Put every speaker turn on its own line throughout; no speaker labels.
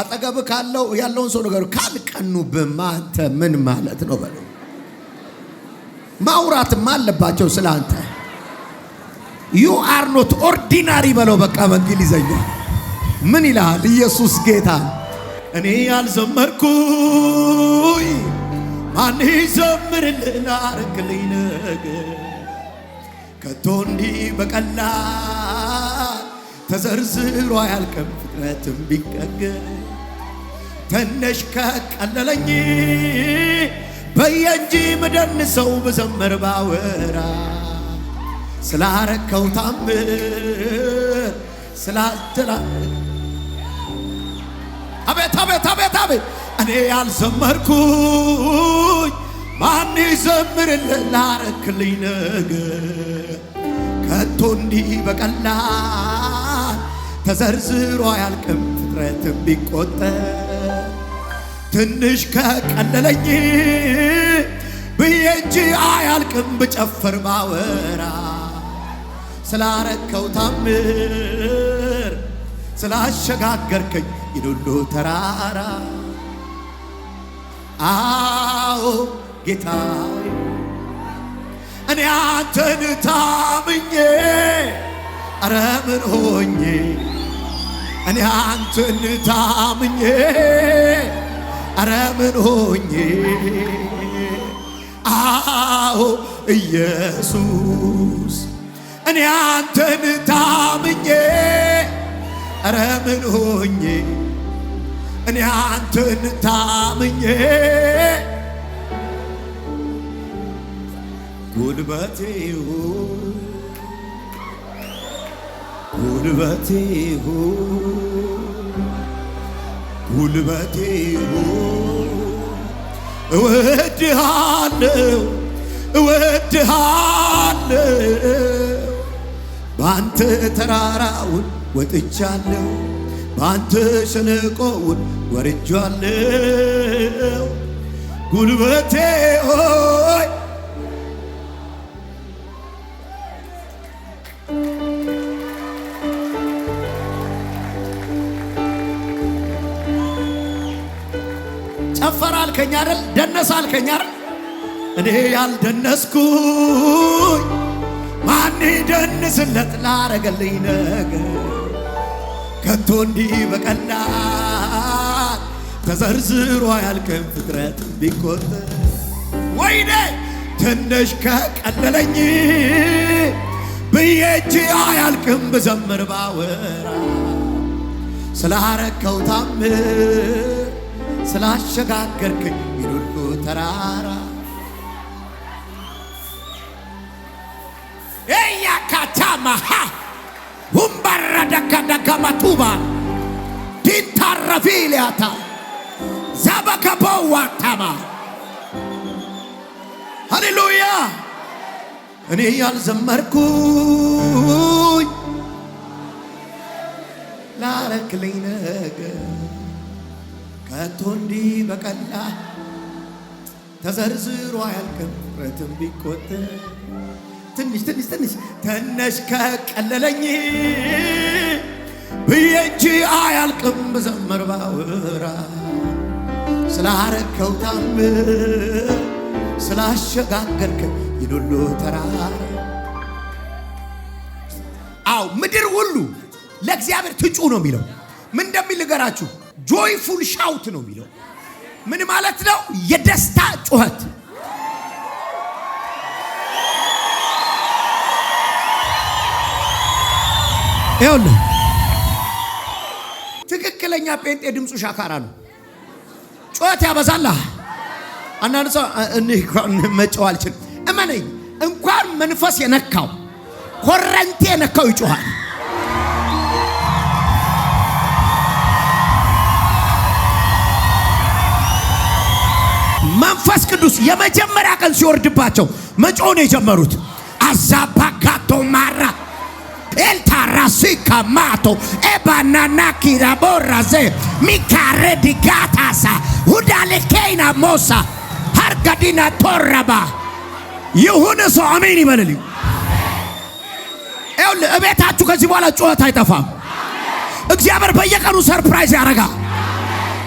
አጠገብ ካለው ያለውን ሰው ነገር ካልቀኑብም አንተ ምን ማለት ነው በለው። ማውራትም አለባቸው ስለ አንተ። ዩ አር ኖት ኦርዲናሪ በለው። በቃ በእንግሊዘኛ ምን ይልሃል? ኢየሱስ ጌታ እኔ ያልዘመርኩኝ ማን ዘምርልን አረክልኝ ነገ ከቶ እንዲህ በቀላል ተዘርዝሮ አያልቅም ፍጥረትም ቢቀገል ትንሽ ከቀለለኝ በየ እንጂ ምደን ሰው ብዘምር ባወራ ስላረከው ታምር ስላትላ አቤት አቤት አቤት አቤት እኔ ያልዘመርኩኝ ማን ይዘምርልን ላረክልኝ ነገር ከቶ እንዲህ በቀላል ተዘርዝሮ አያልቅም ፍጥረትም ቢቆጠር ትንሽ ከቀለለኝ ብዬ እንጂ አያልቅም ብጨፍር ባወራ ስላረከው ታምር ስላሸጋገርከኝ ይሉሉ ተራራ አዎ ጌታ እኔ አንተን ታምኜ አረ ምን ሆኜ እኔ አንተን ታምኜ አረ ምን ሆኜ አዎ ኢየሱስ እኔ አንተን ታምኜ አረ ምን ሆኜ እኔ አንተን ታምኜ ጉልበቴ ጉልበቴ ጉልበቴ እወድሃለው እወድሃለው በአንተ ተራራውን ወጥቻለው በአንተ ሸለቆውን ወርጃለው ጉልበቴ ሆይ ከፈረ አልከኝ አይደል? ደነሰ አልከኝ አይደል? እኔ ያልደነስኩኝ ማን ደንስለት ላረገልኝ ነገር ከቶ እንዲህ በቀላል ተዘርዝሮ ያልከን ፍጥረት ቢቆጠር ወይኔ ትንሽ ከቀለለኝ ብዬ እጅ አያልቅም ብዘምር ባወራ ስላረከው ታምር ስላሸጋገርከኝ ይሉሉ ተራራ ኤያካቻማሃ ሁምባረደከደከመቱባ ዲንታረፊልያታ ዘበከበዋታማ ሃሌሉያ እኔ ያልዘመርኩኝ ላረክልኝ ነገር ከቶ እንዲህ በቀላ ተዘርዝሮ አያልቅም ምሕረትም ቢቆጠር ትንሽ ትንሽ ትንሽ ትንሽ ከቀለለኝ ብዬ አያልቅም ብዘምር ባወራ ስላረከው ታምር ስላሸጋገርከ ይህን ተራራ አው ምድር ሁሉ ለእግዚአብሔር ትጩ ነው የሚለው ምን እንደሚል ንገራችሁ ጆይፉል ሻውት ነው የሚለው። ምን ማለት ነው? የደስታ ጩኸት ይሁን። ትክክለኛ ጴንጤ ድምፁ ሻካራ ነው። ጩኸት ያበዛላ። አንዳንድ ሰው መጨው አልችልም። እመነኝ፣ እንኳን መንፈስ የነካው ኮረንቲ የነካው ይጮኋል። መንፈስ ቅዱስ የመጀመሪያ ቀን ሲወርድባቸው መጮ ነው የጀመሩት። አዛባካቶ ማራ ኤልታራሲካ ማቶ ኤባናናኪራቦራዘ ሚካሬዲጋታሳ ሁዳሌኬይና ሞሳ ሀርጋዲና ቶረባ ይሁን ሰው አሜን ይበልልኝ። ይኸውልህ እቤታችሁ ከዚህ በኋላ ጩኸት አይጠፋም። እግዚአብሔር በየቀኑ ሰርፕራይዝ ያደርጋል።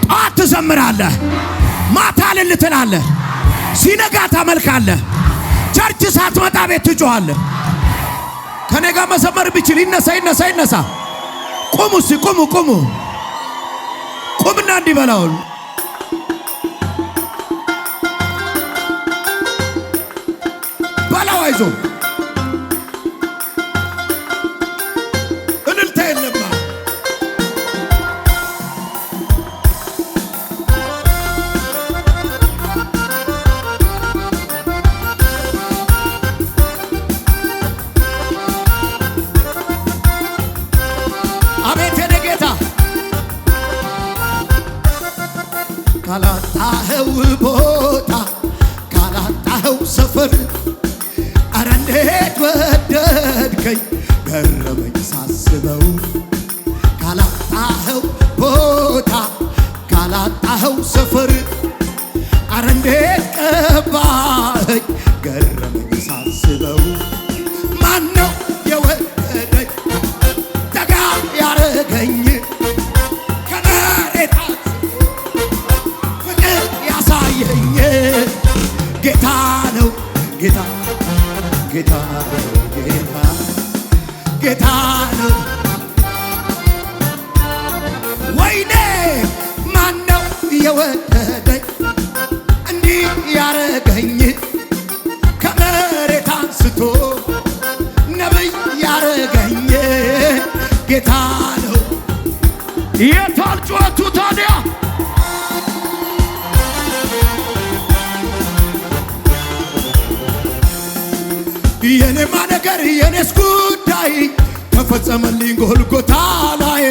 ጠዋት ትዘምራለህ ማታ እልል ትላለህ፣ ሲነጋ ታመልካለ፣ ቸርች ሳትመጣ ቤት ትጮኻለህ። ከኔ ጋር ቢችል ይነሳ ይነሳ ይነሳ። ቁሙ እስቲ ቁሙ ቁሙ ቁምና እንዲበላውን በላው አይዞ ቦታ ካላጣኸው ሰፈር አረ እንዴት ወደድከኝ ገረመኝ ሳስበው ካላጣኸው ቦታ ካላጣኸው ሰፈር አረ እንዴት ቀባ ጌታ ነው ጌታ ጌታ ጌታ ጌታ ነው። ወይኔ ማን ነው የወደደኝ እንዲህ ያረገኝ ከመሬት አንስቶ ነብይ ያረገኝ ጌታ ነው የታል የኔማ ነገር የኔስ ጉዳይ ተፈጸመልኝ ጎልጎታ ላይ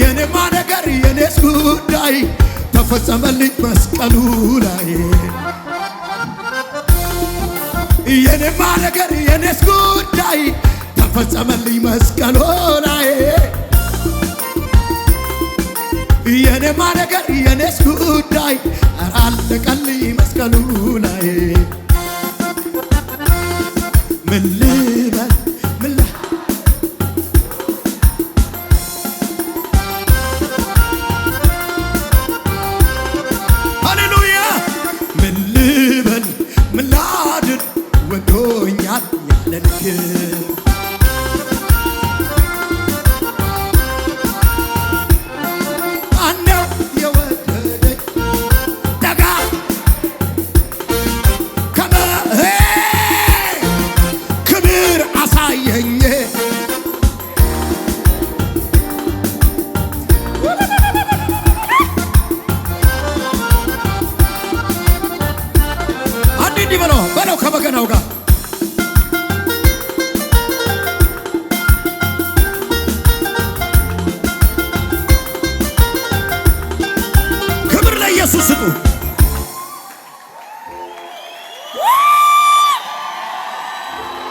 የኔማ ነገር የኔስ ጉዳይ ተፈጸመልኝ መስቀሉ ላይ የኔማ ነገር የኔስ ጉዳይ ተፈጸመልኝ መስቀሉ ላይ የኔማ ነገር የኔስ ጉዳይ አለቀልኝ መስቀሉ ላይ